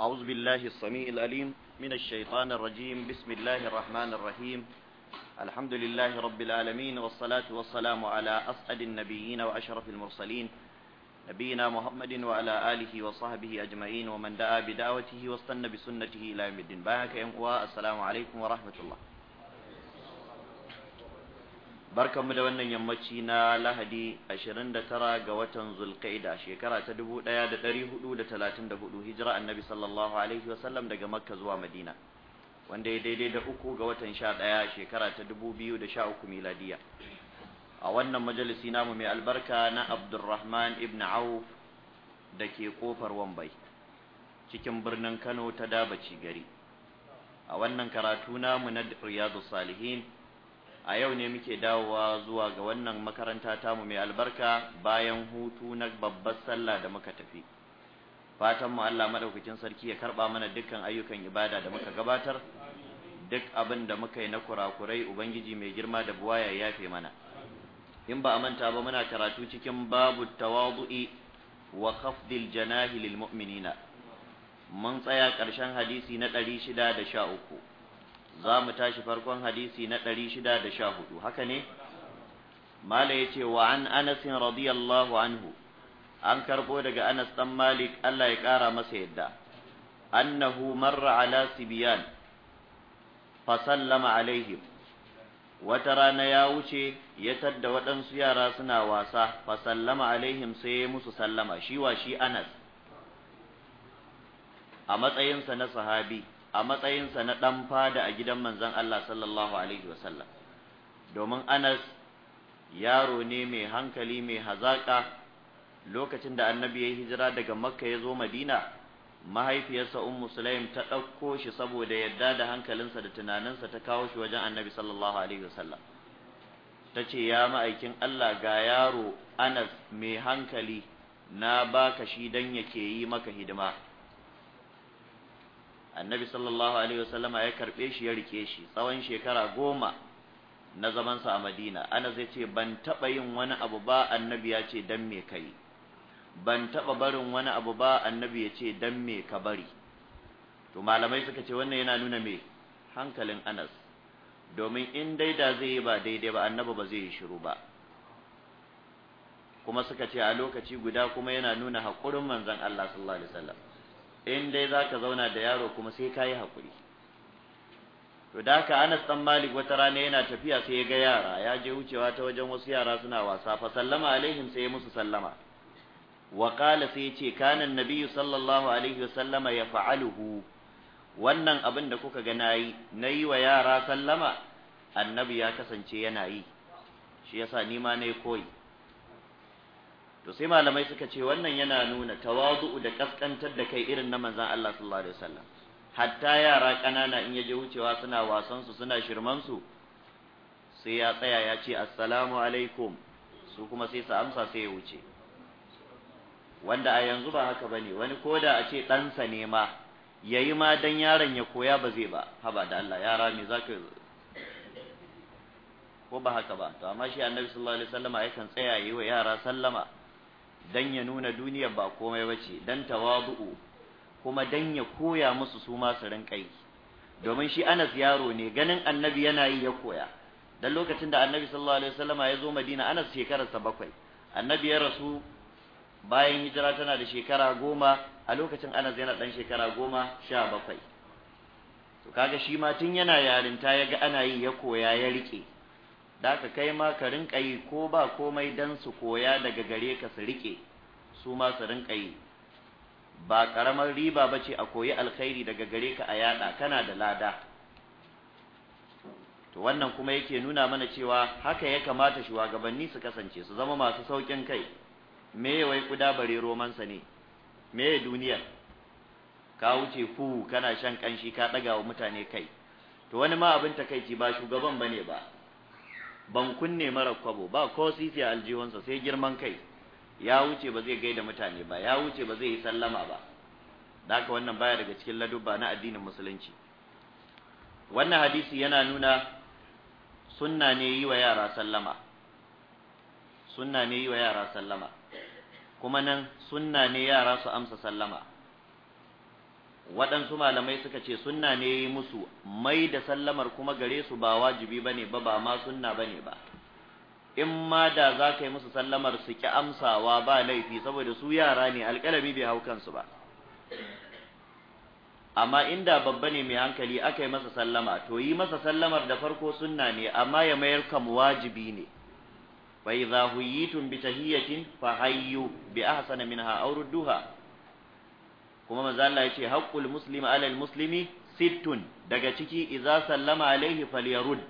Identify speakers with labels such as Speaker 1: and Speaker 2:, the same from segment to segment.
Speaker 1: أعوذ بالله السميع الأليم من الشيطان الرجيم بسم الله الرحمن الرحيم الحمد لله رب العالمين والصلاة والسلام على أسعد النبيين وأشرف المرسلين نبينا محمد وعلى آله وصحبه أجمعين ومن دعا بدعوته واستنى بسنته إلى يوم الدين باك السلام عليكم ورحمة الله barkanmu da wannan yammaci na lahadi 29 ga watan zulqaida shekara ta 1434 hijira annabi sallallahu alaihi wasallam daga makka zuwa madina wanda ya daidai da uku ga watan 11 shekara ta 2013 miladiya a wannan majalisi namu mai albarka na abdurrahman ibn auf da ke kofar wambai cikin birnin kano ta dabaci gari a wannan karatu namu na riyadu salihin a yau ne muke dawowa zuwa ga wannan makaranta mu mai albarka bayan hutu na babbar sallah da muka tafi fatan mu Allah madaukakin sarki ya karba mana dukkan ayyukan ibada da muka gabatar duk abin da muka yi na kurakurai ubangiji mai girma da buwaya ya yafe mana in ba a manta ba muna karatu cikin babu tawadu'i wa khafdil janahi lil mu'minina mun tsaya ƙarshen hadisi na ɗari shida da sha uku. za mu tashi farkon hadisi na ɗari shida da hudu, haka ne mala ce wa an anas radiyallahu anhu an karɓo daga anas ɗan malik Allah ya kara masa yadda annahu marra ala sibiyan fa sallama alaihim wata rana ya wuce ya tadda waɗansu yara suna wasa fa sallama alaihim sai ya musu sallama shi wa shi anas a matsayinsa na sahabi a matsayinsa na ɗan fada a gidan manzon Allah sallallahu alaihi wasallam domin Anas yaro ne mai hankali mai hazaƙa lokacin da annabi ya hijira daga makka ya zo madina mahaifiyarsa ummu sulaim ta ɗauko shi saboda yadda da hankalinsa da tunaninsa ta kawo shi wajen annabi sallallahu alaihi wasallam ta ce ya ma'aikin allah ga yaro anas mai hankali na baka shi dan yake yi maka hidima annabi sallallahu alaihi wasallama ya karbe shi ya rike shi tsawon shekara goma na zaman zamansa a madina ana zai ce ban taɓa yin wani abu ba annabi ya ce dan me kai ban taɓa barin wani abu ba annabi ya ce dan me ka bari to malamai suka ce wannan yana nuna me hankalin anas domin in daida zai yi ba daidai ba annabi ba zai yi shiru ba kuma suka ce a lokaci guda kuma yana nuna haƙurin manzon Allah sallallahu alaihi wasallam in dai za ka zauna da yaro kuma sai ka yi hakuri. to da haka Anas dan Malik wata rana yana tafiya sai ya ga yara ya je wucewa ta wajen wasu yara suna wasa fa sallama alaihim sai ya musu sallama wa qala sai ya ce kana annabi sallallahu alaihi wasallama yaf'aluhu wannan abin da kuka ga nayi nayi wa yara sallama annabi ya kasance yana yi shi yasa ni ma nayi koyi to sai malamai suka ce wannan yana nuna tawazu'u da kaskantar da kai irin na manzon Allah sallallahu alaihi wasallam hatta yara kanana in yaje wucewa suna wasan su suna shirman su sai ya tsaya ya ce assalamu alaikum su kuma sai su amsa sai ya wuce wanda a yanzu ba haka bane wani koda a ce sa ne ma yayi ma dan yaron ya koya ba zai ba haba da Allah yara me zaka ko ba haka ba to amma shi annabi sallallahu alaihi wasallam ai kan tsaya yi wa yara sallama dan ya nuna duniya ba komai bace dan tawadu kuma dan ya koya musu su ma su rinka yi domin shi Anas yaro ne ganin Annabi yana yi ya koya dan lokacin da Annabi sallallahu alaihi wasallama ya zo Madina Anas sa bakwai Annabi ya rasu bayan hijira tana da shekara goma a lokacin Anas yana dan shekara goma sha bakwai to kaga shi ma tun yana yarinta ya ga ana yi ya koya ya rike da ka kai ma ka rinƙa yi ko ba komai dan su koya daga gare ka su riƙe su ma su rinƙa yi ba karamar riba ba ce a koyi alkhairi daga gare ka a yada kana da lada to wannan kuma yake nuna mana cewa haka ya kamata shugabanni su kasance su zama masu saukin kai me wai kuda bare romansa ne me duniyar ka wuce fu kana shan kanshi ka daga wa mutane kai to wani ma abin takaici ba shugaban bane ba ban kunne mara kwabo ba ko sisi a aljihunsa sai girman kai ya wuce ba zai gaida mutane ba ya wuce ba zai yi sallama ba da haka wannan baya daga cikin ladubba na addinin musulunci wannan hadisi yana nuna sunna ne yi wa yara sallama sunna ne yi wa yara sallama kuma nan sunna ne yara su amsa sallama waɗansu malamai suka ce sunna ne yi musu mai da sallamar kuma gare su ba wajibi ba ne ba ba ma sunna ba ne ba in ma da za ka yi musu sallamar su ki amsawa ba laifi saboda su yara ne alƙalami bai hau kansu ba amma inda babba ne mai hankali aka yi masa sallama to yi masa sallamar da farko sunna ne amma ya mayar kam wajibi ne fa idza huyitum bi tahiyatin fa hayyu bi ahsana minha aw rudduha kuma manzo Allah yace haqqul muslimi alal muslimi sittun daga ciki idza sallama alaihi falyarud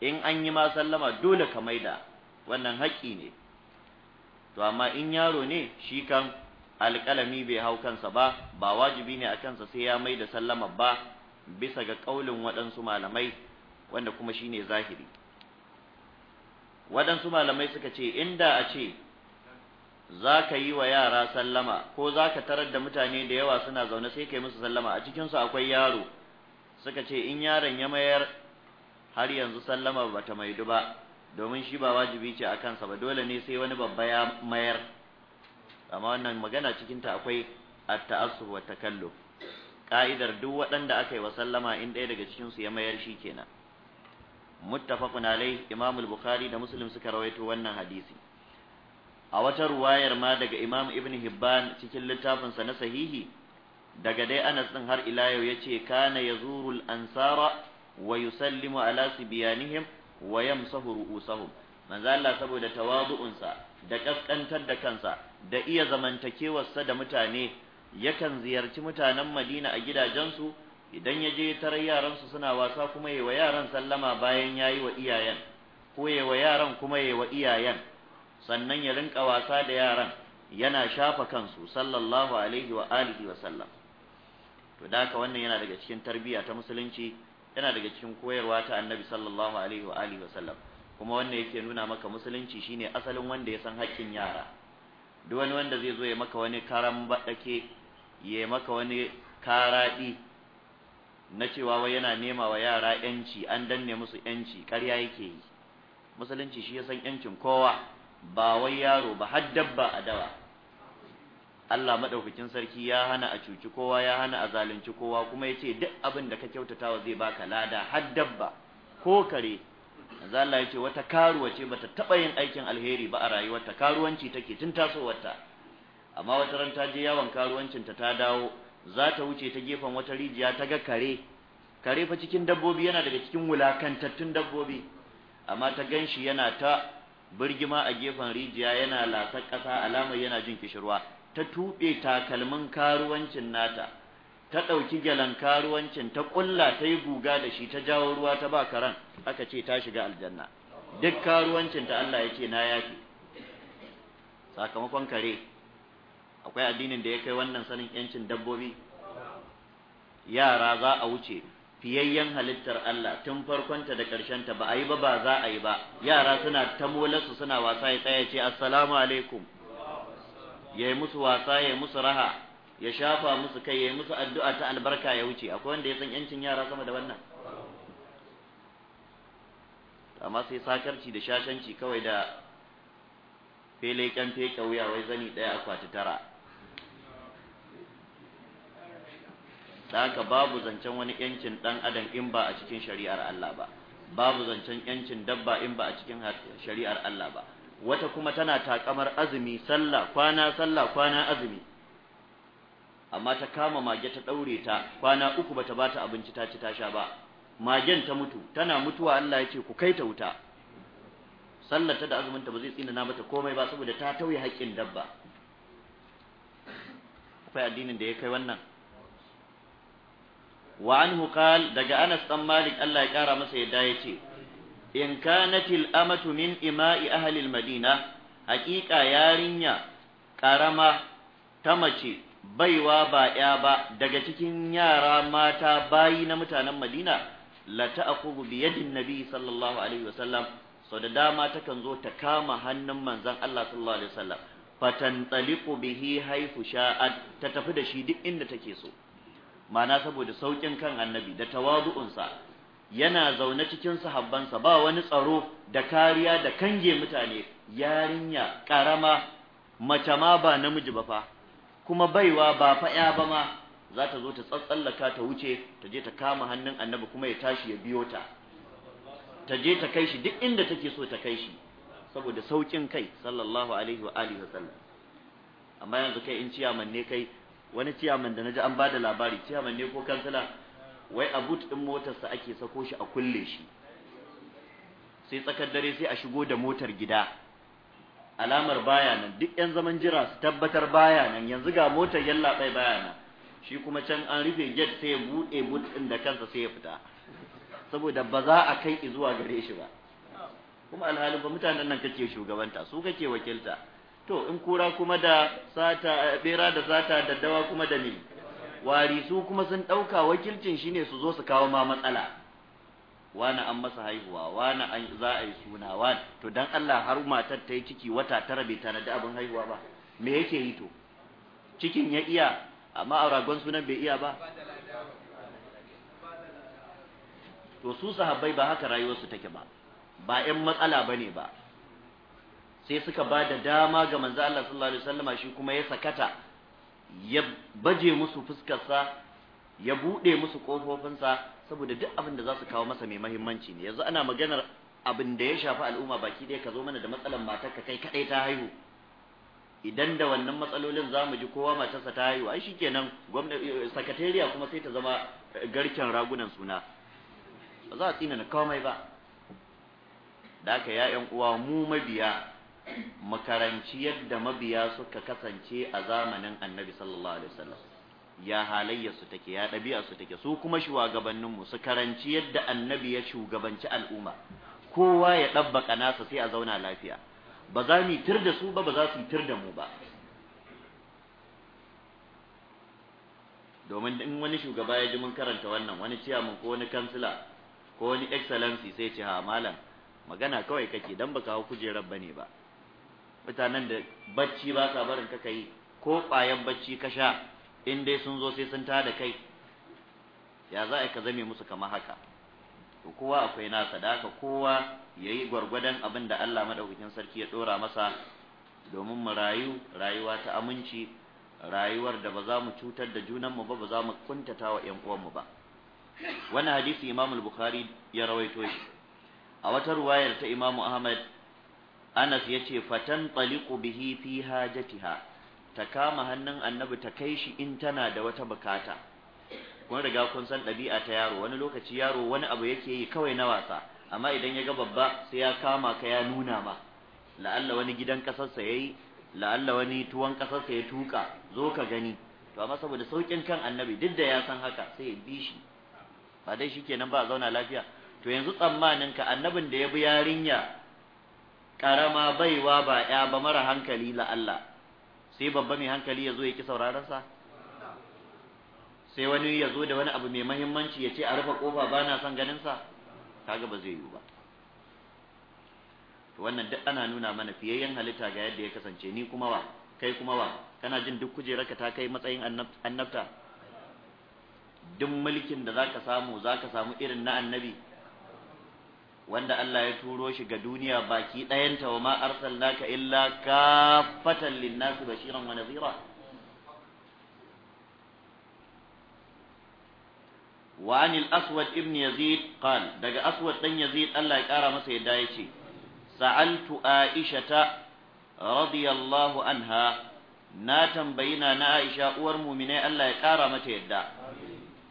Speaker 1: in an yi ma sallama dole ka maida wannan haƙƙi ne to amma in yaro ne shi kan alƙalami bai hau kansa ba ba wajibi ne a kansa sai ya maida sallama ba bisa ga ƙaulin waɗansu malamai wanda kuma shine zahiri waɗansu malamai suka ce inda a ce za ka yi wa yara sallama ko za ka tarar da mutane da yawa suna zaune sai ka yi musu sallama a cikinsu akwai yaro suka ce in yaron ya mayar har yanzu sallama ba ta maidu ba domin shi ba wajibi ce a kansa ba dole ne sai wani babba ya mayar amma wannan magana cikinta akwai a taassub wa ka'idar duk waɗanda aka yi wa sallama in ɗaya daga cikinsu ya mayar shi kenan muttafaqun alai imamul bukhari da muslim suka rawaito wannan hadisi a wata ruwayar ma daga imam ibn hibban cikin littafinsa na sahihi daga dai anas din har ila yau yace kana yazurul ansara wa yusallimu ala sibyanihim wa yamsahu ru'usahum manzo Allah saboda tawadu'unsa da kaskantar da kansa da iya zamantakewarsa da mutane yakan ziyarci mutanen Madina a gidajensu idan ya je tarar yaransu suna wasa kuma yayi wa yaran sallama bayan yayi wa iyayen ko yayi wa yaran kuma yayi wa iyayen sannan ya rinka wasa da yaran yana shafa kansu sallallahu alaihi wa alihi wa sallam to da haka wannan yana daga cikin tarbiyya ta musulunci yana daga cikin koyarwa ta annabi sallallahu alaihi wa alihi wa sallam kuma wannan yake nuna maka musulunci shine asalin wanda ya san haƙƙin yara duk wani wanda zai zo ya maka wani karan baɗake ya maka wani karaɗi na cewa wai yana nema wa yara yanci an danne musu yanci ƙarya yake yi musulunci shi ya san yancin kowa ba wai yaro ba har dabba a dawa Allah madaukakin sarki ya hana a cuci kowa ya hana a zalunci kowa kuma yace duk abin da ka kyautatawa zai baka lada har dabba ko kare manzo Allah yace wata karuwa ce bata taba yin aikin alheri ba a rayuwarta karuwanci take tun tasowarta amma wata ran ta je yawon karuwancin ta dawo za ta wuce ta gefen wata rijiya ta ga kare kare fa cikin dabbobi yana daga cikin wulakantattun dabbobi amma ta ganshi yana ta birgima a gefen rijiya yana lasar ƙasa alamar yana jin kishirwa ta tuɓe takalmin karuwancin nata ta ɗauki gyalan karuwancin ta ƙulla ta yi guga da shi ta jawo ruwa ta ba karan aka ce ta shiga aljanna duk karuwancin ta Allah ya ce na yafi sakamakon kare akwai addinin da ya kai wannan sanin yancin dabbobi yara za a wuce fiyayyen halittar Allah tun farkonta da ta ba a yi ba ba za a yi ba yara suna ta molarsu suna wasa ya tsaya ce assalamu alaikum ya yi musu wasa ya yi musu raha ya shafa musu kai ya yi musu addu'a ta albarka ya wuce akwai wanda ya san yancin yara sama da wannan amma sai sakarci da shashanci kawai da fele kyan feke wuya wai zani ɗaya akwati tara da haka babu zancen wani yancin dan adam in ba a cikin shari'ar Allah ba babu zancen yancin dabba in ba a cikin shari'ar Allah ba wata kuma tana takamar azumi sallah kwana sallah kwana azumi amma ta kama mage ta daure ta kwana uku bata bata abinci ta ci ta sha ba magen ta mutu tana mutuwa Allah ya ce ku kai ta wuta sallar ta da azuminta ba zai tsinana mata komai ba saboda ta tauye haƙƙin dabba akwai addinin da ya kai wannan wa anhu qal daga Anas dan Malik Allah ya kara masa yadda yace in kanatil amatu min ima'i ahli al-Madina haƙiƙa yarinya karama ta mace baiwa ba ya ba daga cikin yara mata bayi na mutanen Madina la ta'khudhu bi yadin nabi sallallahu alaihi wasallam sau da dama takan zo ta kama hannun manzon Allah sallallahu alaihi wasallam fatan bihi haifu sha'ad ta tafi da shi duk inda take so ma'ana saboda saukin kan annabi da tawadu'unsa yana zaune cikin sahabbansa ba wani tsaro da kariya da kange mutane yarinya karama mace ma ba namiji ba fa kuma baiwa ba fa ya ba ma za ta zo ta tsatsallaka ta wuce ta je ta kama hannun annabi kuma ya tashi ya biyo ta ta je ta kai shi duk inda take so ta kai shi saboda saukin kai sallallahu alaihi wa alihi wa sallam amma yanzu kai in ciya manne kai wani ciyaman da naji an bada labari ciyaman ne ko kansila wai a but din motarsa ake sako shi a kulle shi sai tsakar dare sai a shigo da motar gida
Speaker 2: alamar baya
Speaker 1: nan duk yan zaman jira su tabbatar baya nan yanzu ga motar yalla bai baya nan shi kuma can an rufe gate sai ya bude but din da kansa sai ya fita saboda ba za a kai zuwa gare shi ba kuma alhalin ba mutanen nan kake shugabanta su kake wakilta to in kura kuma da sata eh, bera da sata da dawa kuma da ni. wari su kuma sun ɗauka wakilcin shine su zo su kawo ma matsala wani an masa haihuwa wani an za a yi suna wani to dan Allah har matar ta yi ciki wata tara bai tanadi abin haihuwa ba me yake yi to cikin ya iya amma a ragon sunan bai iya ba to su sahabbai ba haka rayuwarsu take ba ba 'yan matsala bane ba sai suka ba da dama ga manzo Allah sallallahu alaihi wasallama shi kuma ya sakata ya baje musu fuskarsa ya bude musu kofofinsa saboda duk abin da za su kawo masa mai mahimmanci ne yanzu ana maganar abin da ya shafi al'umma baki ɗaya ka zo mana da matsalar ka kai kadai ta haihu idan da wannan matsalolin za mu ji kowa matarsa ta haihu ai shikenan gwamnati sakatariya kuma sai ta zama garken ragunan suna ba za a tsina na komai ba da haka ya uwa mu mabiya makaranci yadda mabiya suka kasance a zamanin annabi sallallahu alaihi wasallam ya halayya su take ya ɗabi'a su take su kuma shugabanninmu su karanci yadda annabi ya shugabanci al'umma kowa ya ɗabbaka nasa sai a zauna lafiya ba za mu tir da su ba ba za su tir da mu ba domin in wani shugaba ya ji mun karanta wannan wani ciyaman ko wani kansila ko wani excellency sai ce ha malam magana kawai kake dan baka hau kujerar bane ba mutanen da bacci ba sa barin ka kai ko ƙwayan bacci ka sha in dai sun zo sai sun ta da kai ya za a ka zame musu kamar haka to kowa akwai na sadaka, kowa ya yi gwargwadon abin da Allah maɗaukakin sarki ya ɗora masa domin mu rayu rayuwa ta aminci rayuwar da ba za mu cutar da junanmu ba ba za mu kuntata wa ‘yan uwanmu ba wani hadisi imam bukhari ya rawaito shi a wata ruwayar ta imamu ahmad Anas ya ce fatan taliqu bihi fi hajatiha ta kama hannun annabi ta kai shi in tana da wata bukata kun riga kun san ɗabi'a ta yaro wani lokaci yaro wani abu yake yi kawai na wasa amma idan ya ga babba sai ya kama ka ya nuna ma la'alla wani gidan ƙasarsa ya yi. la'alla wani tuwon ƙasarsa ya tuka zo ka gani to amma saboda saukin kan annabi duk da ya san haka sai ya bi shi ba dai ba a zauna lafiya to yanzu tsammanin ka annabin da ya bi yarinya karama baiwa ba ya ba mara hankali la Allah sai babba mai hankali ya zo ya ki sauraron sa sai wani ya zo da wani abu mai mahimmanci ya ce a rufe kofa ba na son ganin sa kaga ba zai yiwu ba wannan duk ana nuna mana fiyayyen halitta ga yadda ya kasance ni kuma wa kai kuma wa kana jin duk kujerarka ta kai matsayin annabta duk mulkin da zaka samu zaka samu irin na annabi wanda Allah ya turo shi ga duniya baki ɗayanta wa ma arsalnaka illa kaffatan linnasi bashiran wa nadhira wa anil aswad ibn yazid qal daga aswad dan yazid Allah ya kara masa yadda yace sa'altu aishata radiyallahu anha na tambayina na aisha uwar mu'minai Allah ya kara mata yadda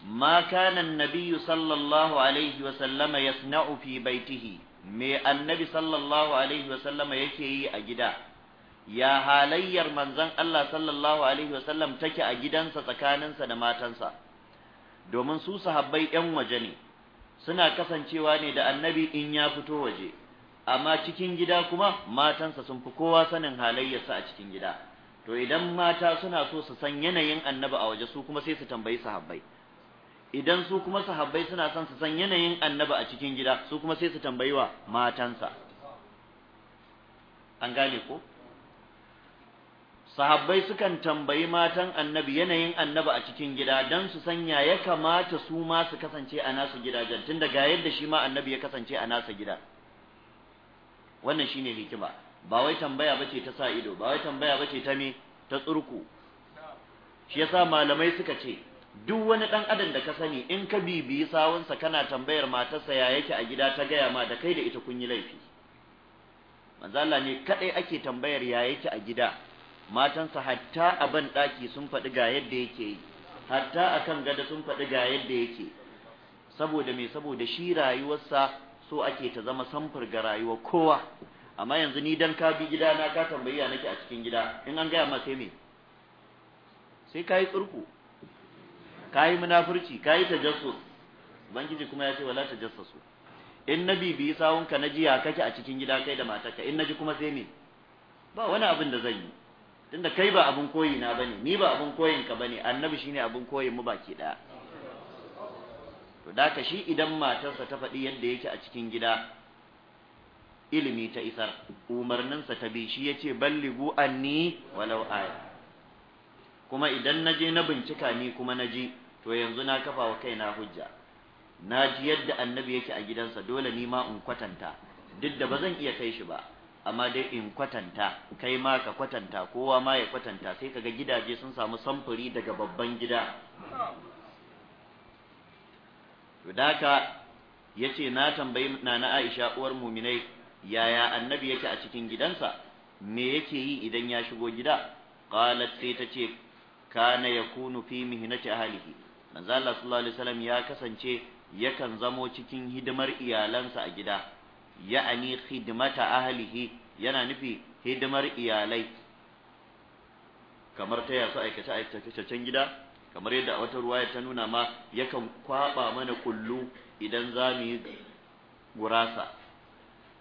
Speaker 1: ما كان النبي صلى الله عليه وسلم يصنع في بيته me annabi sallallahu alaihi yake yi a gida ya halayyar manzon Allah sallallahu alaihi take a gidansa tsakaninsa da matansa domin su sahabbai 'yan waje ne suna kasancewa ne da annabi in ya fito waje amma cikin gida kuma matansa sun fi kowa sanin halayyarsa a cikin gida to idan mata suna so su san yanayin annabi a waje su kuma sai su tambayi sahabbai idan su kuma sahabbai suna son su san yanayin annaba a cikin gida su kuma sai su tambayi wa matansa an gane ko sahabbai sukan tambayi matan annabi yanayin annaba a cikin gida don su sanya ya kamata su ma su kasance a nasu gidajen tun daga yadda shi ma annabi ya kasance a nasa gida wannan shine hikima ba wai tambaya bace ta sa ido ba wai tambaya bace ta me ta tsurku shi yasa malamai suka ce duk wani dan adam da ka sani in ka bibiyi sawunsa kana tambayar matarsa ya yake a gida ta gaya ma da kai da ita kun yi laifi manzo Allah ne kadai ake tambayar ya yake a gida matansa hatta a ban daki sun faɗi ga yadda yake yi hatta a kan gada sun faɗi ga yadda yake saboda me saboda shi rayuwarsa so ake ta zama samfur ga rayuwar kowa amma yanzu ni dan ka bi gida na ka tambayi ya nake a cikin gida in an gaya ma sai me sai kai tsurku kayi munafurci kayi tajassus ubangiji kuma ya ce wala tajassasu in na bibiyi sawunka na jiya kake a cikin gida kai da matarka in na kuma sai me ba wani abin da zan yi tunda kai ba abin koyi na bane ni ba abin koyin ka bane annabi shine abin koyin mu baki daya to da ka shi idan matarsa ta faɗi yadda yake a cikin gida ilimi ta isar umarninsa ta bi shi yace balligu anni walau aya kuma idan naje na bincika ni kuma naji to yanzu na kafa wa kaina hujja na ji yadda annabi yake a gidansa dole ni ma in kwatanta duk da ba zan iya kai shi ba amma dai in kwatanta kai ma ka kwatanta kowa ma ya kwatanta sai kaga gidaje sun samu samfuri daga babban gida Daka yace na tambayi nana Aisha uwar muminai yaya annabi yake a cikin gidansa me yake yi idan ya shigo gida qalat sai tace kana yakunu fi mihnati ahlihi manzo Allah sallallahu alaihi wasallam ya kasance yakan zamo cikin hidimar iyalansa a gida ya'ani khidmata ahlihi yana nufi hidimar iyalai
Speaker 2: kamar ta yasu
Speaker 1: aikace aikacen gida kamar yadda wata ruwaya ta nuna ma yakan kwaba mana kullu idan za mu yi gurasa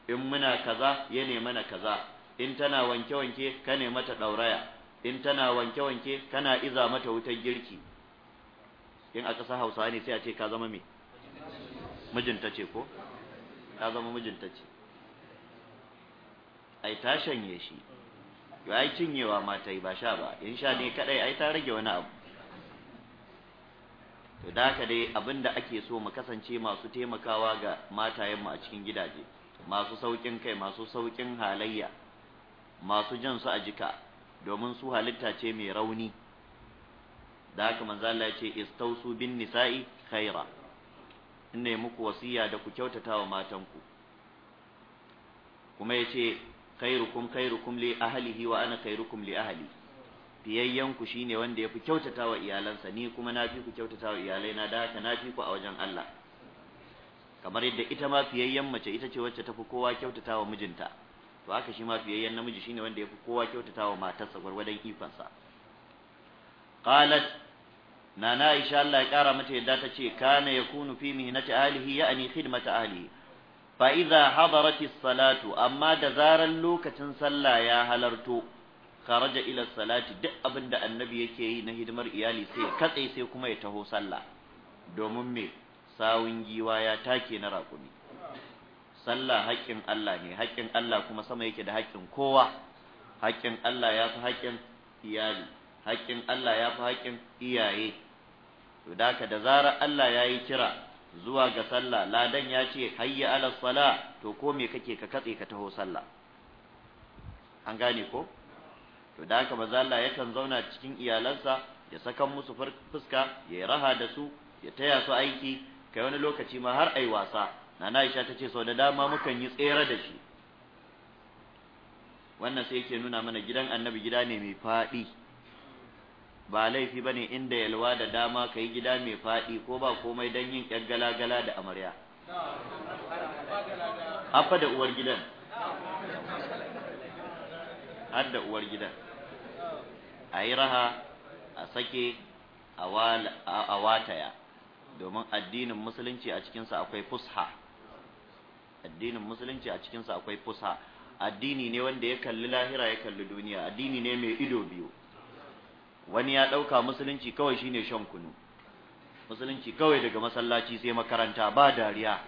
Speaker 1: in muna kaza ya mana kaza in tana wanke-wanke ka ne mata ɗauraya in tana wanke-wanke kana iza mata wutar girki in a sa hausa ne sai a ce ka zama me mijinta ce ko ka zama mijinta ai ta shanye shi yo ai cinyewa ma ta yi ba sha ba in sha ne kadai ai ta rage wani abu to da haka dai abinda ake so mu kasance masu taimakawa ga matayenmu a cikin gidaje masu saukin kai masu saukin halayya masu jan su a jika domin su halitta ce mai rauni da haka manzo Allah ya ce istausu bin nisa'i khaira inne muku wasiya da ku kyautata wa matanku kuma ya ce khairukum khairukum li ahlihi wa ana khairukum li ahli ku shine wanda ya fi kyautata wa iyalansa ni kuma na fi ku kyautata wa iyalaina da haka na fi ku a wajen Allah kamar yadda ita ma fiyayyen mace ita ce wacce tafi kowa kyautata wa mijinta to haka shi ma fiyayyen namiji shine wanda ya fi kowa kyautata wa matarsa gwargwadon ifansa qalat nana Aisha Allah ya kara mata yadda ta ce kana yakunu fi mihnati ahlihi ya'ni khidmati ahlihi fa idza hadarati salatu amma da zaran lokacin sallah ya halarto kharaja ila salati duk abinda annabi yake yi na hidimar iyali sai katse sai kuma ya taho sallah domin me sawun giwa ya take na raƙumi sallah haƙƙin Allah ne haƙƙin Allah kuma sama yake da haƙƙin kowa haƙin Allah ya fi haƙƙin iyali haƙƙin Allah ya fi haƙƙin iyaye to da da zarar Allah ya yi kira zuwa ga sallah ladan ya ce hayya ala sala to ko me kake ka katse ka taho sallah an gane ko to da haka maza Allah yakan zauna cikin iyalansa ya saka musu fuska ya raha da su ya taya su aiki kai wani lokaci ma har ai wasa nana Aisha ta ce sau da dama mukan yi tsere da shi wannan sai yake nuna mana gidan annabi gida ne mai faɗi ba laifi ba ne inda yalwa da dama ka yi gida mai faɗi ko ba komai don yin ƴan gala-gala da amarya
Speaker 2: haffa da uwar gidan har da
Speaker 1: uwar gidan a yi raha a sake a wataya domin addinin musulunci a cikinsa akwai fusha addinin musulunci a cikinsa akwai fusha addini ne wanda ya kalli lahira ya kalli duniya addini ne mai ido biyu wani ya ɗauka musulunci kawai shine shan kunu musulunci kawai daga masallaci sai makaranta ba dariya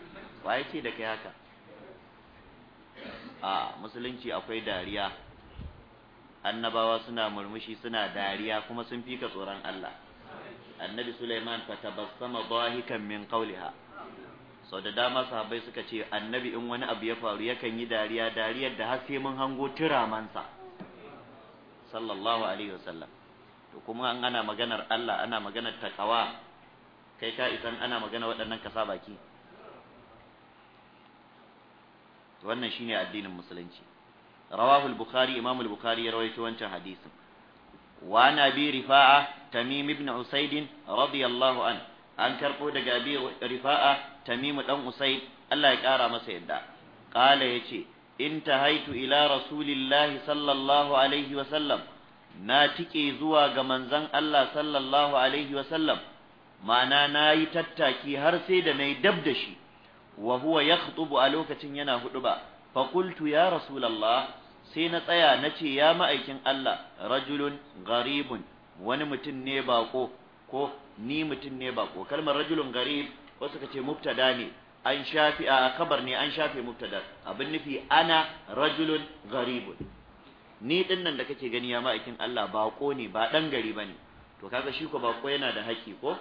Speaker 1: ya ce da kai haka a musulunci akwai dariya annabawa suna murmushi suna dariya kuma sun fika tsoron Allah annabi Sulaiman fatabassama dhahikan min qawliha sau da dama sahabbai suka ce annabi in wani abu ya faru yakan yi dariya dariyar da har sai mun hango turamansa sallallahu alaihi wasallam to kuma an ana maganar Allah ana maganar takawa kai ka isan ana magana waɗannan kasa baki wannan shine addinin musulunci rawahu al-bukhari imam al-bukhari ya rawaito wancan hadisin wa na bi rifa'a tamim ibn usayd radiyallahu an an karbo daga bi rifa'a tamim dan usayd Allah ya kara masa yadda qala yace intahaitu ila rasulillahi sallallahu alaihi wa sallam na tike zuwa ga manzon Allah sallallahu alaihi wasallam ma'ana nayi tattaki har sai da nayi dab da shi wa huwa yakhutubu a lokacin yana huduba fa qultu ya rasulullah sai na tsaya nace ya ma'aikin Allah rajulun gharibun wani mutum ne bako ko ni mutum ne bako kalmar rajulun gharib wasu kace mubtada ne an shafi a kabar ne an shafe mubtada abin nufi ana rajulun gharibun ni din nan da kake gani ya ma'aikin Allah bako ne ba dan gari bane to kaga shi ko bako yana da haƙi ko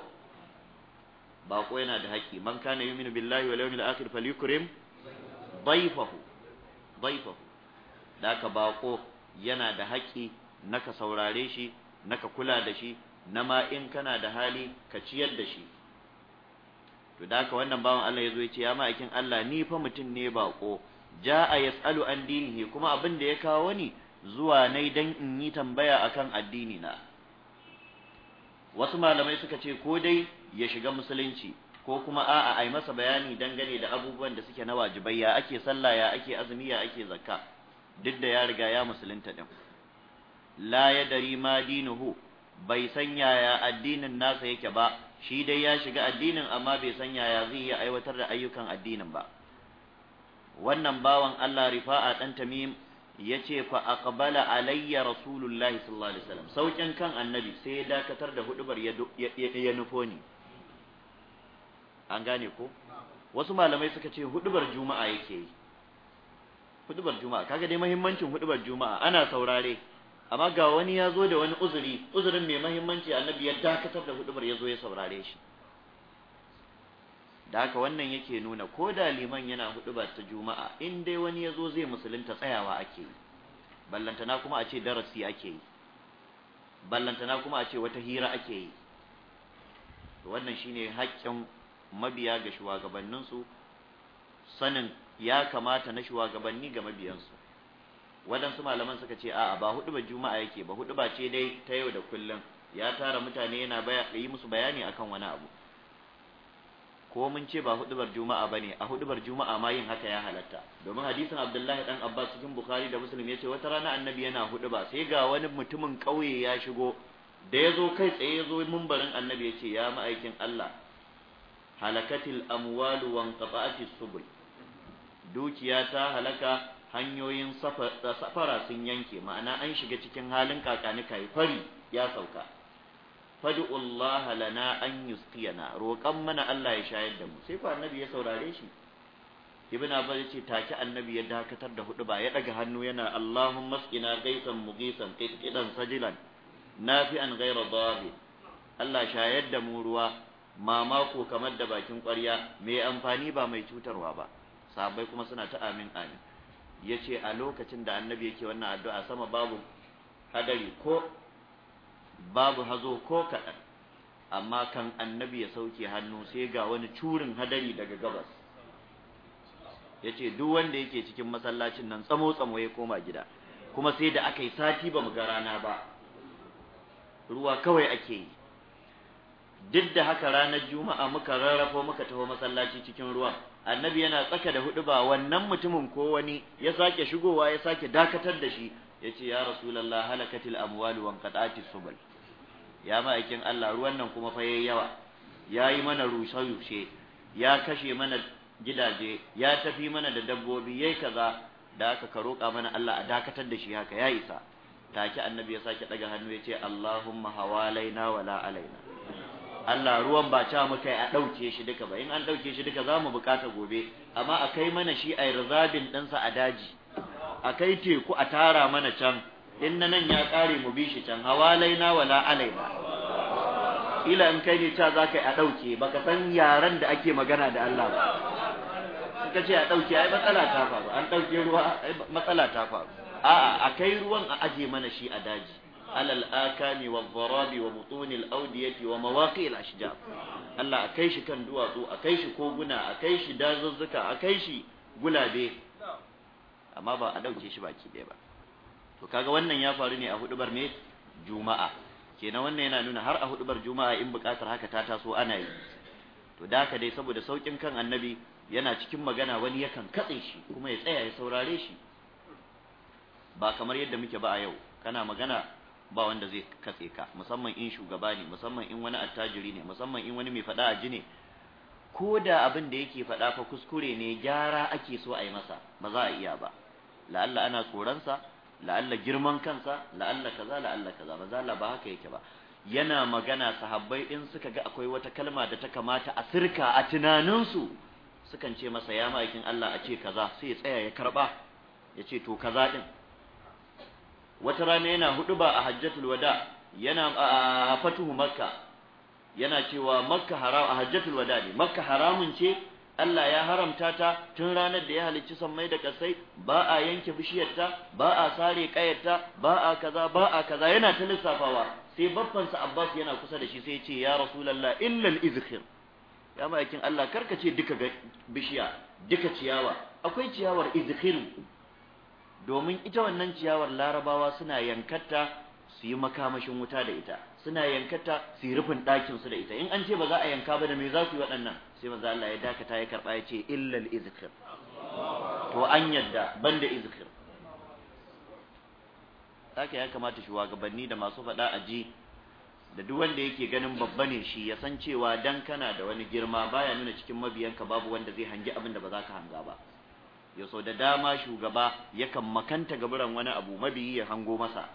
Speaker 1: bako yana da haƙi man kana yu'minu billahi wal yawmil akhir falyukrim dhayfahu dhayfahu da ka bako yana da haƙi naka saurare shi naka kula da shi na ma in kana da hali ka ciyar da shi to da ka wannan bawan Allah yazo ya ce ya ma'aikin Allah ni fa mutum ne bako ja'a yas'alu an dinihi kuma abin da ya kawo ni zuwa nai dan in yi tambaya akan addini na wasu malamai suka ce ko dai ya shiga musulunci ko kuma a'a ai masa bayani dangane da abubuwan da suke na wajibai ya ake sallah ya ake azumi ya ake zakka duk da ya riga ya musulunta din la dari, ma dinuhu bai san yaya addinin nasa yake ba shi dai ya shiga addinin amma bai san yaya zai iya aiwatar da ayyukan addinin ba wannan bawan Allah rifa'a dan tamim yace fa aqbala alayya rasulullahi sallallahu alaihi wasallam saukin kan annabi sai ya dakatar da hudubar ya nufo ni an gane ko wasu malamai suka ce hudubar juma'a yake yi hudubar juma'a kaga dai muhimmancin hudubar juma'a ana saurare amma ga wani ya zo da wani uzuri uzurin mai muhimmanci annabi ya dakatar da hudubar ya zo ya saurare shi da haka wannan yake nuna ko da liman yana hudu ba ta juma'a in dai wani ya zo zai musulunta tsayawa ake yi ballantana kuma a ce darasi ake yi ballantana kuma a ce wata hira ake yi wannan shine haƙƙin mabiya ga shugabanninsu sanin ya kamata na shugabanni ga mabiyansu waɗansu malaman suka ce a'a ba hudu ba juma'a yake ba hudu ba ce dai ta yau da kullum ya tara mutane yana yi musu bayani akan wani abu ko mun ce ba hudubar juma'a bane a hudubar juma'a ma yin haka ya halatta domin hadisin abdullahi dan abbas cikin bukhari da muslim yace wata rana annabi yana huduba sai ga wani mutumin kauye ya shigo da yazo kai tsaye yazo zo annabi yace ya ma'aikin Allah halakatil Amwaluwan wa qata'atis subul dukiya ta halaka hanyoyin safara sun yanke ma'ana an shiga cikin halin kakanika fari ya sauka fad'u Allah lana an yusqiyana roƙan mana Allah ya shayar da mu sai fa annabi ya saurare shi ibn abbas ya ce take annabi ya dakatar da hudu ba ya daga hannu yana allahumma sqina gaisan mugisan qidan sajilan nafi'an ghayra dhabi Allah shayar da mu ruwa mamako kamar da bakin ƙwarya mai amfani ba mai cutarwa ba sahabbai kuma suna ta amin amin yace a lokacin da annabi yake wannan addu'a sama babu hadari ko babu hazo ko kaɗan amma kan annabi ya sauke hannu sai ga wani curin hadari daga gabas ya ce duk wanda yake cikin masallacin nan tsamo-tsamo ya koma gida kuma sai da aka yi sati ba mu ga rana ba ruwa kawai ake yi duk da haka ranar juma'a muka rarrafo muka taho masallaci cikin ruwa, annabi yana tsaka da hudu ba wannan mutumin ko wani ya sake shigowa ya sake dakatar da shi ya ce ya rasulallah halakatil amwali wa qata'atis subul ya ma'aikin Allah ruwan nan kuma fa yayi yawa yayi mana rushe-rushe ya kashe mana gidaje ya tafi mana da dabbobi yayi kaza da aka ka mana Allah a dakatar da shi haka ya isa take annabi ya sake daga hannu ya ce Allahumma hawalaina wala alaina Allah ruwan ba ca muka a ɗauke shi duka ba in an ɗauke shi duka za mu bukata gobe amma akai mana shi a rizabin ɗinsa a daji a kai teku a tara mana can in na nan ya kare mu bi shi can hawalaina wala alaina ila in kai ne ta zaka ka yi a ɗauke baka san yaren da ake magana da Allah
Speaker 2: ba ka ce a ɗauke ai matsala ta faru an ɗauke ruwa
Speaker 1: ai matsala ta faru a'a a kai ruwan a aje mana shi a daji alal akani wa dharabi wa butuni al awdiyati wa mawaqi al ashjar Allah a kai shi kan duwatsu a kai shi koguna a kai shi dazuzzuka a kai shi gulabe amma ba a ɗauke shi baki ɗaya ba to kaga wannan ya faru ne a hudubar me juma'a kenan wannan yana nuna har a hudubar juma'a in bukatar haka ta taso ana yi to da haka dai saboda saukin kan annabi yana cikin magana wani yakan katse shi kuma ya tsaya ya saurare shi ba kamar yadda muke ba a yau kana magana ba wanda zai katse ka musamman in shugaba ne musamman in wani attajiri ne musamman in wani mai faɗa a ji ko da abin da yake faɗa fa kuskure ne gyara ake so a yi masa ba za a iya ba la'alla ana tsoronsa la'alla girman kansa la'alla kaza la'alla kaza ba zalla ba haka yake ba yana magana sahabbai in suka ga akwai wata kalma da ta kamata a sirka a tunaninsu sukan ce masa ya ma'aikin Allah a ce kaza sai ya tsaya ya karba ya ce to kaza din wata rana yana hudu ba a hajjatul wada yana a fatuhu makka yana cewa makka haram a hajjatul wada ne makka haramun ce Allah ya haramta ta tun ranar da ya halicci sammai da kasai ba a yanke bishiyarta ba a sare kayarta ba a kaza ba a kaza yana ta lissafawa sai babbansa Abbas yana kusa da shi sai ya ce ya Rasulullah illa al-izkhir ya ma'aikin Allah ce duka bishiya duka ciyawa akwai ciyawar izkhir domin ita wannan ciyawar Larabawa suna yankatta su yi makamashin wuta da ita suna yankatta su yi rufin ɗakin su da ita in an ce ba za a yanka ba da me za su yi waɗannan sai manzo Allah ya dakata ya karba ya ce illal izkir to an yadda banda izkir take ya kamata shugabanni da masu faɗa a ji da duk wanda yake ganin babba ne shi ya san cewa dan kana da wani girma baya nuna cikin mabiyanka babu wanda zai hangi abin da ba za ka hanga ba ya so da dama shugaba yakan makanta ga gaburan wani abu mabiyi ya hango masa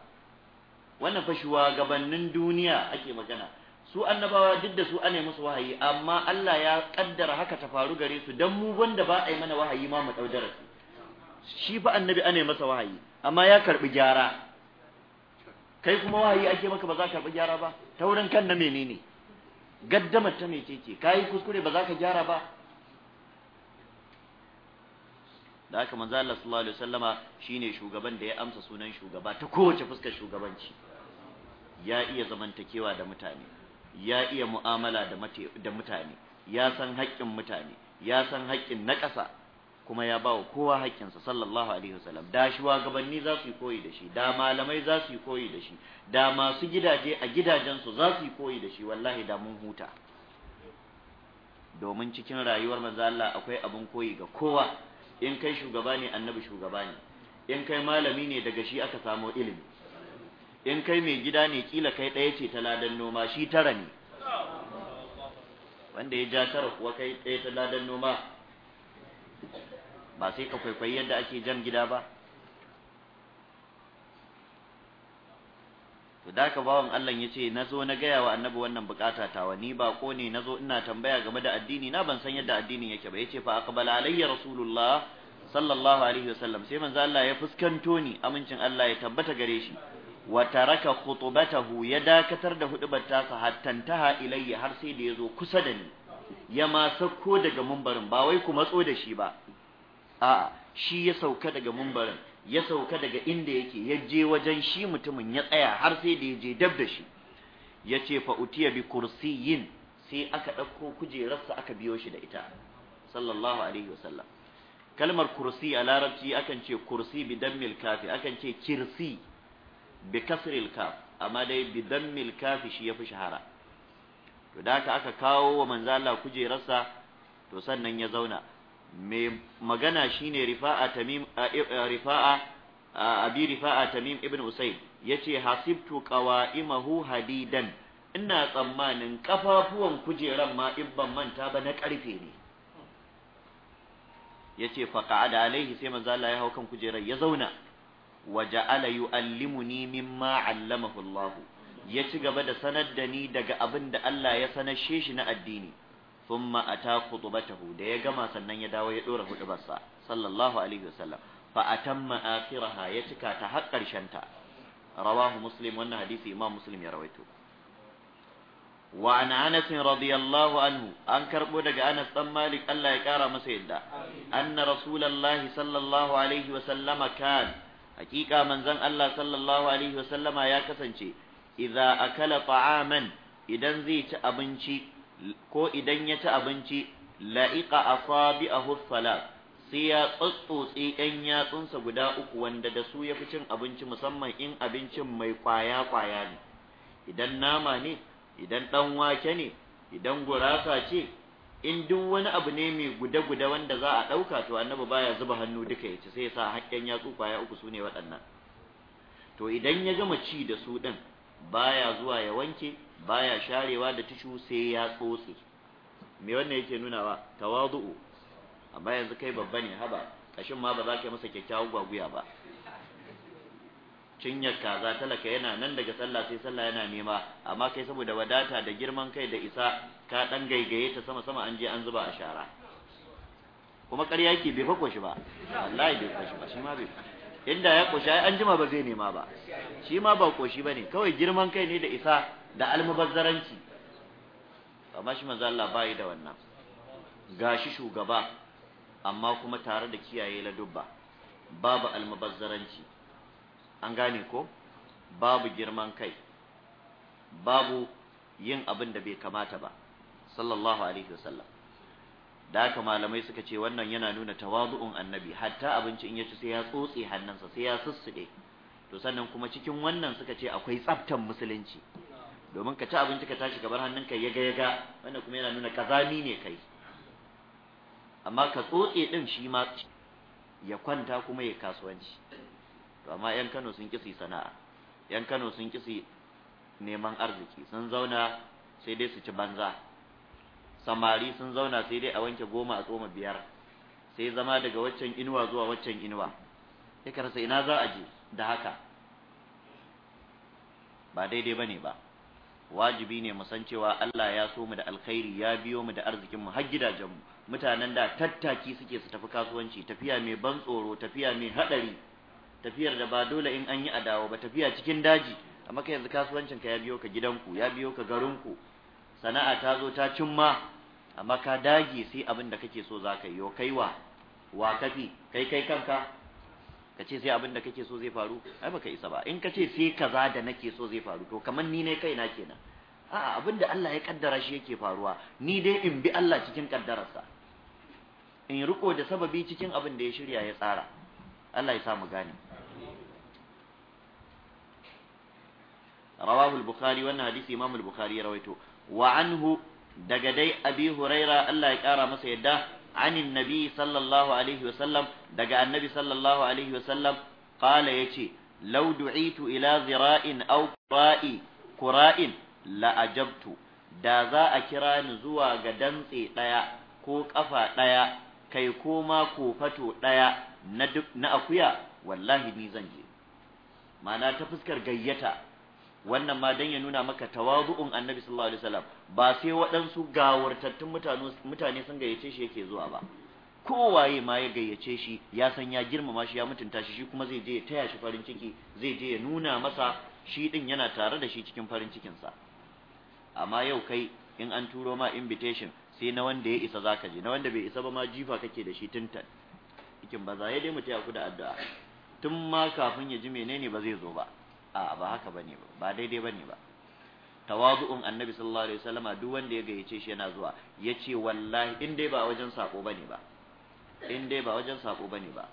Speaker 1: wannan fa shugabannin duniya ake magana su annabawa duk da su ane musu wahayi amma Allah ya kaddara haka ta faru gare su dan mu wanda ba a yi mana wahayi ma mu dau darasi shi fa annabi ane masa wahayi amma ya karbi gyara kai kuma wahayi ake maka ba za ka karbi gyara ba taurin kan na menene gaddamar ta ce kai kuskure ba za ka gyara ba da haka manzo Allah sallallahu alaihi wasallama shine shugaban da ya amsa sunan shugaba ta kowace fuskar shugabanci ya iya zamantakewa da mutane ya iya mu'amala da mutane ya san haƙƙin mutane ya san haƙƙin na ƙasa kuma ya ba wa kowa haƙƙinsa sallallahu alaihi wasallam da shugabanni za su yi koyi da shi da malamai za su yi koyi da shi da masu gidaje a gidajensu za su yi koyi da shi wallahi da mun huta domin cikin rayuwar manzo Allah akwai abin koyi ga kowa in kai shugaba ne annabi shugaba ne in kai malami ne daga shi aka samo ilimi in kai mai gida ne kila kai ɗaya ce ta ladan noma shi tara ne wanda ya ja tara kuwa kai ɗaya ta ladan noma ba sai ka kwaikwayi yadda ake jan gida ba to da ka bawan Allah ya ce na zo na gaya wa annabi wannan bukata tawa ni ba ko ne na zo ina tambaya game da addini na ban san yadda addinin yake ba ya ce fa aqbala alayya rasulullah sallallahu alaihi wasallam sai manzo Allah ya fuskanto ni amincin Allah ya tabbata gare shi wa taraka khutbatahu ya dakatar da hudubar tasa hattantaha ilayya har sai da yazo kusa da ni ya ma sauko daga mumbarin ba wai ku matso da shi ba a'a shi ya sauka daga mumbarin ya sauka daga inda yake ya je wajen shi mutumin ya tsaya har sai da ya je dab da shi ya ce fa utiya bi kursiyin sai aka ɗauko kujerarsa aka biyo shi da ita sallallahu alaihi wasallam kalmar kursi a larabci akan ce kursi bi dammil kafi akan ce kirsi bi kasril kaf amma dai bi dammil kaf shi yafi shahara to da haka aka kawo wa manzo Allah kujerarsa to sannan ya zauna mai magana shine rifa'a tamim rifa'a abi rifa'a tamim ibn usayd yace hasibtu qawaimahu hadidan ina tsammanin kafafuwan kujeran ma in ban manta ba na karfe ne yace faqa'ada alaihi sai manzo Allah ya hau kan kujerar ya zauna wa ja'ala yu'allimuni mimma 'allamahu Allah ya ci gaba da sanar da ni daga abin da Allah ya sanar shi na addini thumma ata khutbatahu da ya gama sannan ya dawo ya dora hudubarsa sallallahu alaihi wasallam fa atamma akhiraha ya cika ta har karshen ta rawahu muslim wannan hadisi imam muslim ya rawaito wa an anas radiyallahu anhu an karbo daga anas dan malik Allah ya kara masa yadda anna rasulullahi sallallahu alaihi wasallama kana hakika manzon Allah sallallahu alaihi wasallama ya kasance idza akala ta'aman idan zai ci abinci ko idan ya ci abinci la'iqa asabi'ahu salat sai ya tsotsotse ɗan yatsunsa guda uku wanda da su ya fi cin abinci musamman in abincin mai kwaya-kwaya ne idan nama ne idan ɗan wake ne idan gurasa ce in duk wani abu ne mai guda-guda wanda za a ɗauka to annabi baya zuba hannu duka ya sai ya sa hakken yatsu kwaya uku su ne waɗannan to idan ya gama ci da su ɗin baya zuwa ya wanke baya sharewa da tishu sai ya tsotse me wannan yake nunawa tawadu amma yanzu kai babba ne haba kashin ma ba za ka masa kyakkyawan gwaguya ba
Speaker 2: cinyar kaza talaka yana nan daga sallah sai sallah yana nema amma kai saboda wadata da girman kai da isa ka dan
Speaker 1: gaigaye ta sama sama an je an zuba ashara. kuma ƙarya yake bai fako shi ba wallahi bai fako shi ba shi ma bai inda ya koshi ai an jima ba zai nema ba shi ma ba koshi bane kawai girman kai ne da isa da almubazzaranci amma shi manzo Allah bai da wannan gashi shugaba amma kuma tare da kiyaye ladubba babu almubazzaranci an gane ko babu girman kai babu yin abin da bai kamata ba sallallahu alaihi wasallam da haka malamai suka ce wannan yana nuna tawazu'un annabi hatta abinci in ya ci sai ya tsotse hannunsa sai ya sussuɗe to sannan kuma cikin wannan suka ce akwai tsaftan musulunci domin ka ci abinci ka tashi gabar hannunka yaga yaga wannan kuma yana nuna kazami ne kai amma ka tsotse din shi ma ya kwanta kuma ya kasuwanci amma yan Kano sun kisi sana'a yan Kano sun kisi neman arziki sun zauna sai dai su ci banza samari sun zauna sai dai a wanke goma a tsoma biyar sai zama daga waccan inuwa zuwa waccan inuwa ya karsa ina za a je da haka ba daidai bane ba wajibi ne mu san cewa Allah ya so mu da alkhairi ya biyo mu da arzikin mu har gidajen mu mutanen da tattaki suke su tafi kasuwanci tafiya mai ban tsoro tafiya mai hadari tafiyar da ba dole in an yi adawa ba tafiya cikin daji amma kai yanzu kasuwancin ka ya biyo ka gidanku ya biyo ka garinku sana'a ta zo ta cimma amma ka dage sai abin da kake so za ka yi kai wa wa kafi kai kai kanka ka ce sai abin da kake so zai faru ai baka isa ba in ka ce sai kaza da nake so zai faru to kamar ni ne kaina kenan a'a abin da Allah ya kaddara shi yake faruwa ni dai in bi Allah cikin kaddararsa in riko da sababi cikin abin da ya shirya ya tsara Allah ya sa mu gane rawahul al-bukhari wannan hadisi imam al-bukhari ya rawaito wa anhu daga dai abi huraira Allah ya kara masa yadda anin nabi sallallahu alaihi daga annabi sallallahu alaihi wa sallam qala yace law du'itu ila zira'in aw qura'i qura'in la ajabtu da za a kira ni zuwa ga dantse daya ko kafa daya kai koma ko fato daya na na akuya wallahi ni zan je ma'ana ta fuskar gayyata wannan ma dan ya nuna maka tawazu'un annabi sallallahu alaihi wasallam ba sai waɗansu gawartattun mutane mutane sun gayyace shi yake zuwa ba kowaye ma ya gayyace shi ya san ya girmama shi ya mutunta shi shi kuma zai je ya taya shi farin ciki zai je ya nuna masa shi din yana tare da shi cikin farin cikin sa amma yau kai in an turo ma invitation sai na wanda ya isa zaka je na wanda bai isa ba ma jifa kake da shi tuntan ikin ba za ya dai mu taya ku da addu'a tun ma kafin ya ji menene ba zai zo ba a ba haka bane ba ba daidai bane ba tawazu'un annabi sallallahu alaihi wasallama duk wanda ya gayyace shi yana zuwa yace wallahi in dai ba wajen sako bane ba in dai ba wajen sako bane ba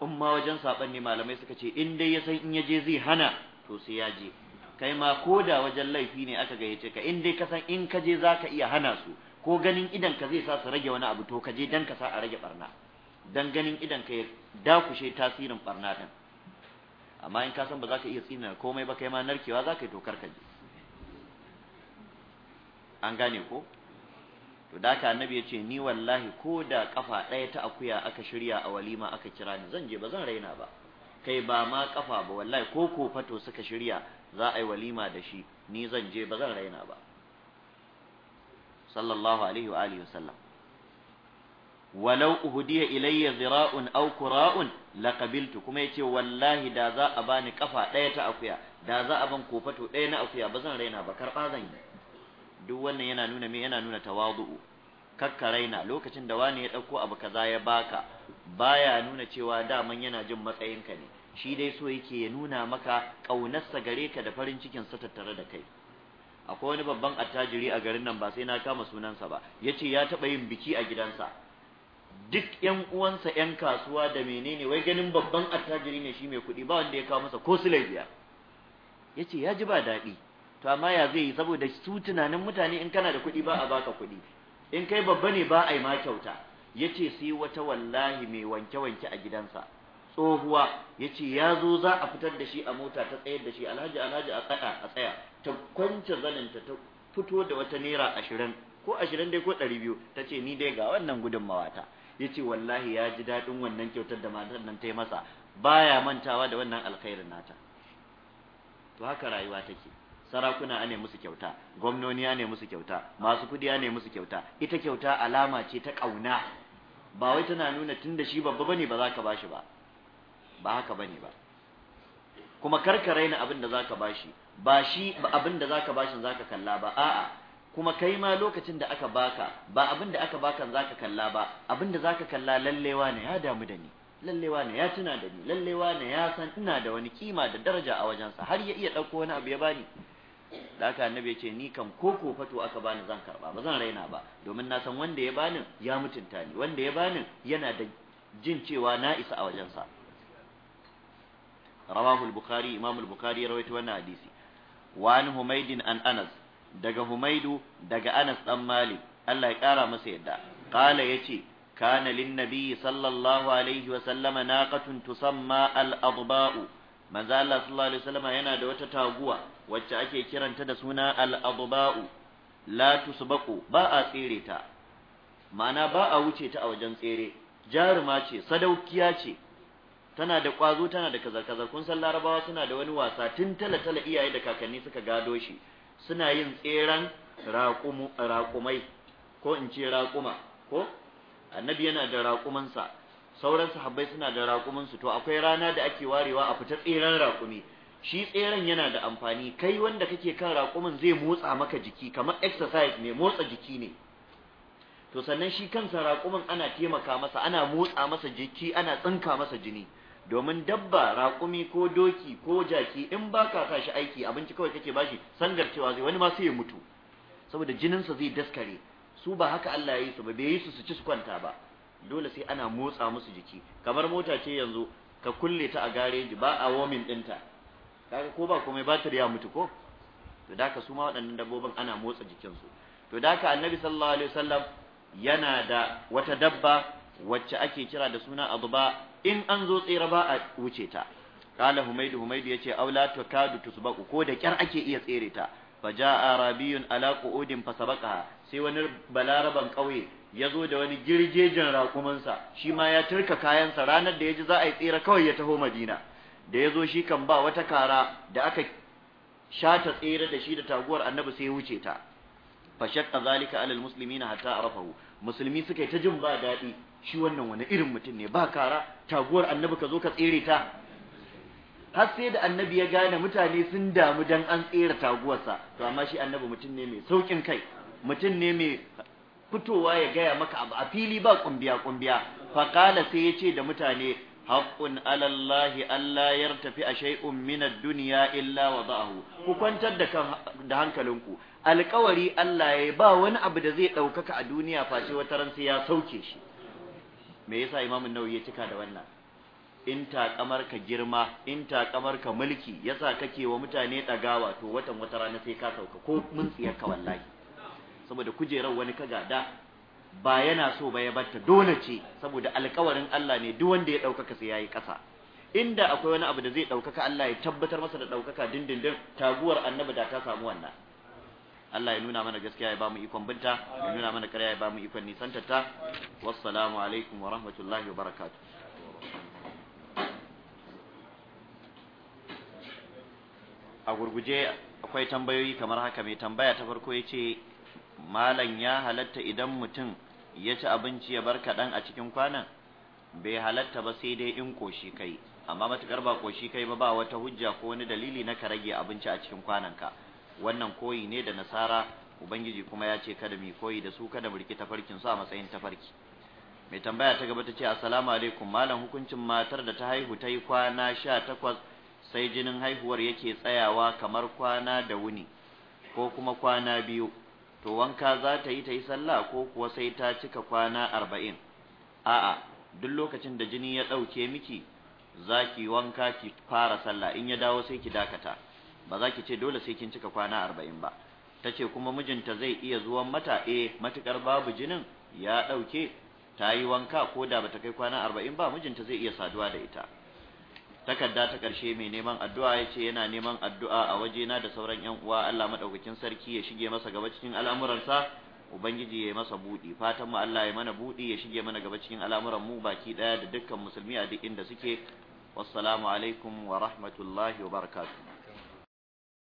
Speaker 1: in ma wajen sakon ne malamai suka ce in dai ya san in ya je zai hana to sai ya je kai ma ko da wajen laifi ne aka gayyace ka in dai ka san in ka je zaka iya hana su ko ganin idan ka zai sa su rage wani abu to ka je dan ka sa a rage barna dan ganin idan ka ya dakushe tasirin barna din amma in ka san ba za ka iya tsina komai ba kai ma narkewa za ka yi tokar ka je an gane ko to da ka annabi ya ce ni wallahi ko da kafa ɗaya ta akuya aka shirya a walima aka kira ni zan je ba zan raina ba kai ba ma kafa ba wallahi ko ko fato suka shirya za a yi walima da shi ni zan je ba zan raina ba sallallahu alaihi wa alihi wasallam walau uhdiya ilayya zira'un aw qura'un laqabiltu kuma yace wallahi da za a bani kafa daya ta akuya da za a ban to daya na akuya ba zan raina ba karba zan yi duk wannan yana nuna me yana nuna tawadu'u kakka raina lokacin da wani ya dauko abu kaza ya baka baya nuna cewa daman yana jin matsayinka ne shi dai so yake ya nuna maka ƙaunarsa gare ka da farin cikin sa tattare da kai akwai wani babban attajiri a garin nan ba sai na kama sunansa ba yace ya taba yin biki a gidansa duk yan uwansa yan kasuwa da menene wai ganin babban attajiri ne shi mai kuɗi ba wanda ya kawo masa ko su laifiya ya ce ya ji ba daɗi to amma ya zai yi saboda su tunanin mutane in kana da kuɗi ba a baka kuɗi in kai babba ne ba a yi ma kyauta ya ce sai wata wallahi mai wanke-wanke a gidansa tsohuwa ya ce ya zo za a fitar da shi a mota ta tsayar da shi alhaji alhaji a tsaya a tsaya ta kwance zaninta ta fito da wata naira ashirin ko ashirin dai ko ɗari biyu ta ce ni dai ga wannan gudunmawa ta yace wallahi ya ji daɗin wannan kyautar da matar nan ta yi masa baya mantawa da wannan alkhairin nata to haka rayuwa take sarakuna ne musu kyauta gwamnoni ne musu kyauta masu kudi ne musu kyauta ita kyauta alama ce ta kauna ba wai tana nuna tunda shi babba bane ba za ka bashi ba ba haka bane ba kuma karkare raina abin da za ka bashi ba shi abin da za ka bashin za kalla ba a'a kuma kai ma lokacin da aka baka ba abin da aka baka zaka kalla ba abin da zaka kalla lallewa ne ya damu da ni lallewa ne ya tuna da ni lallewa ne ya san ina da wani kima da daraja a wajensa har ya iya ɗauko wani abu ya bani da haka annabi ce ni kam ko kofato aka bani zan karba ba zan raina ba domin na san wanda ya bani ya mutunta ni wanda ya bani yana da jin cewa na isa a wajensa rawahu al-bukhari imam al-bukhari ya rawaito wannan hadisi wa an humaydin an anas daga Humaidu daga Anas dan Malik Allah ya kara masa yadda qala yace kana lin nabi sallallahu alaihi wa sallama naqatun tusamma al adba'u Allah sallallahu alaihi wasallama yana da wata taguwa wacce ake kiranta da suna al adba'u la tusbaqu ba a tsere ta ma'ana ba a wuce ta a wajen tsere jaruma ce sadaukiya ce tana da kwazo tana da kazar kazar kun san larabawa suna da wani wasa tun tala tala iyaye da kakanni suka gado shi suna yin tseren raƙumai ko in ce raƙuma ko annabi yana da raƙumansa sauran sahabbai suna da raƙumansu to akwai rana da ake warewa a fita tseren raƙumi shi tseren yana da amfani kai wanda kake kan raƙumin zai motsa maka jiki kamar exercise mai motsa jiki ne to sannan shi kansa raƙumin ana taimaka masa ana motsa masa jiki ana tsinka masa jini domin dabba raƙumi ko doki ko jaki in ba ka sa shi aiki abinci kawai kake bashi sangar cewa zai wani ma sai ya mutu saboda jininsa zai daskare su ba haka Allah ya yi su ba bai yi su su ci su kwanta ba dole sai ana motsa musu jiki kamar mota ce yanzu ka kulle ta a gareji ba a warming ɗinta kaga ko ba komai batir ya mutu ko to da su ma waɗannan dabbobin ana motsa jikinsu to daka annabi sallallahu alaihi wasallam yana da wata dabba wacce ake kira da suna adba in an zo tsira ba a wuce ta kala humaidu ya yace aula takadu tusbaqu ko da kyar ake iya tsere ta faja'a rabiyun ala qu'udin fasabaqa sai wani balaraban kauye ya zo da wani girgejin raƙumansa shi ma ya turka kayansa ranar da ya ji za a yi tsira kawai ya taho madina da ya zo shi kan ba wata kara da aka shata tsere da shi da taguwar annabi sai ya wuce ta fashakka zalika alal muslimina hatta arafahu musulmi suka yi ta jin ba daɗi shi wannan wani irin mutum ne ba kara taguwar annabi ka zo ka tsere ta har sai da annabi ya gane mutane sun damu dan an tsere taguwarsa to amma shi annabi mutum ne mai saukin kai mutum ne mai fitowa ya gaya maka abu a fili ba kumbiya kumbiya fa sai ya ce da mutane haqqun alallahi alla yartafi a shay'un min ad-dunya illa wada'ahu ku kwantar da kan da hankalinku alƙawari Allah ya ba wani abu da zai ɗaukaka a duniya face wata ran sai ya sauke shi me yasa imamin nawawi ya cika da wannan in takamar ka girma in takamar ka mulki yasa kake wa mutane dagawa to watan wata rana sai ka sauka ko mun tsiyar ka wallahi saboda kujerar wani ka gada ba yana so ba ya batta dole ce saboda alƙawarin Allah ne duk wanda ya ɗaukaka sai yayi kasa inda akwai wani abu da zai ɗaukaka Allah ya tabbatar masa da ɗaukaka dindindin taguwar annabi da ta samu wannan Allah ya nuna mana gaskiya ya ba mu ikon binta ya nuna mana ƙarya ya ba mu ikon nisantar ta wassalamu alaikum wa rahmatullahi wa barakatuh a gurguje akwai tambayoyi kamar haka mai tambaya ta farko ya ce malam ya halatta idan mutum ya ci abinci ya bar kaɗan a cikin kwanan bai halatta ba sai dai in koshi kai amma matukar ba koshi kai ba ba wata hujja ko wani dalili na ka rage abinci a cikin ka wannan koyi ne da nasara ubangiji kuma ya ce kada mu koyi da su kada mu riki tafarkin su a matsayin tafarki mai tambaya ta gaba ta ce assalamu alaikum malam hukuncin matar da ta haihu ta yi kwana sha takwas sai jinin haihuwar yake tsayawa kamar kwana da wuni ko kuma kwana biyu to wanka za ta yi ta yi sallah ko kuwa sai ta cika kwana arba'in a'a duk lokacin da jini ya ɗauke miki za ki wanka ki fara sallah in ya dawo sai ki dakata ba za ki ce dole sai kin cika kwana arba'in ba ta ce kuma mijinta zai iya zuwan mata eh matukar babu jinin ya ɗauke ta yi wanka ko da ba ta kai kwana arba'in ba mijinta zai iya saduwa da ita
Speaker 2: takarda ta ƙarshe mai neman addu'a ya ce yana neman addu'a a waje na da sauran 'yan
Speaker 1: uwa Allah maɗaukakin sarki ya shige masa gaba cikin al'amuransa ubangiji ya yi masa buɗi fatan mu Allah ya mana buɗi ya shige mana gaba cikin al'amuran mu baki ɗaya da dukkan musulmi a duk inda suke wassalamu alaikum wa rahmatullahi wa barakatuh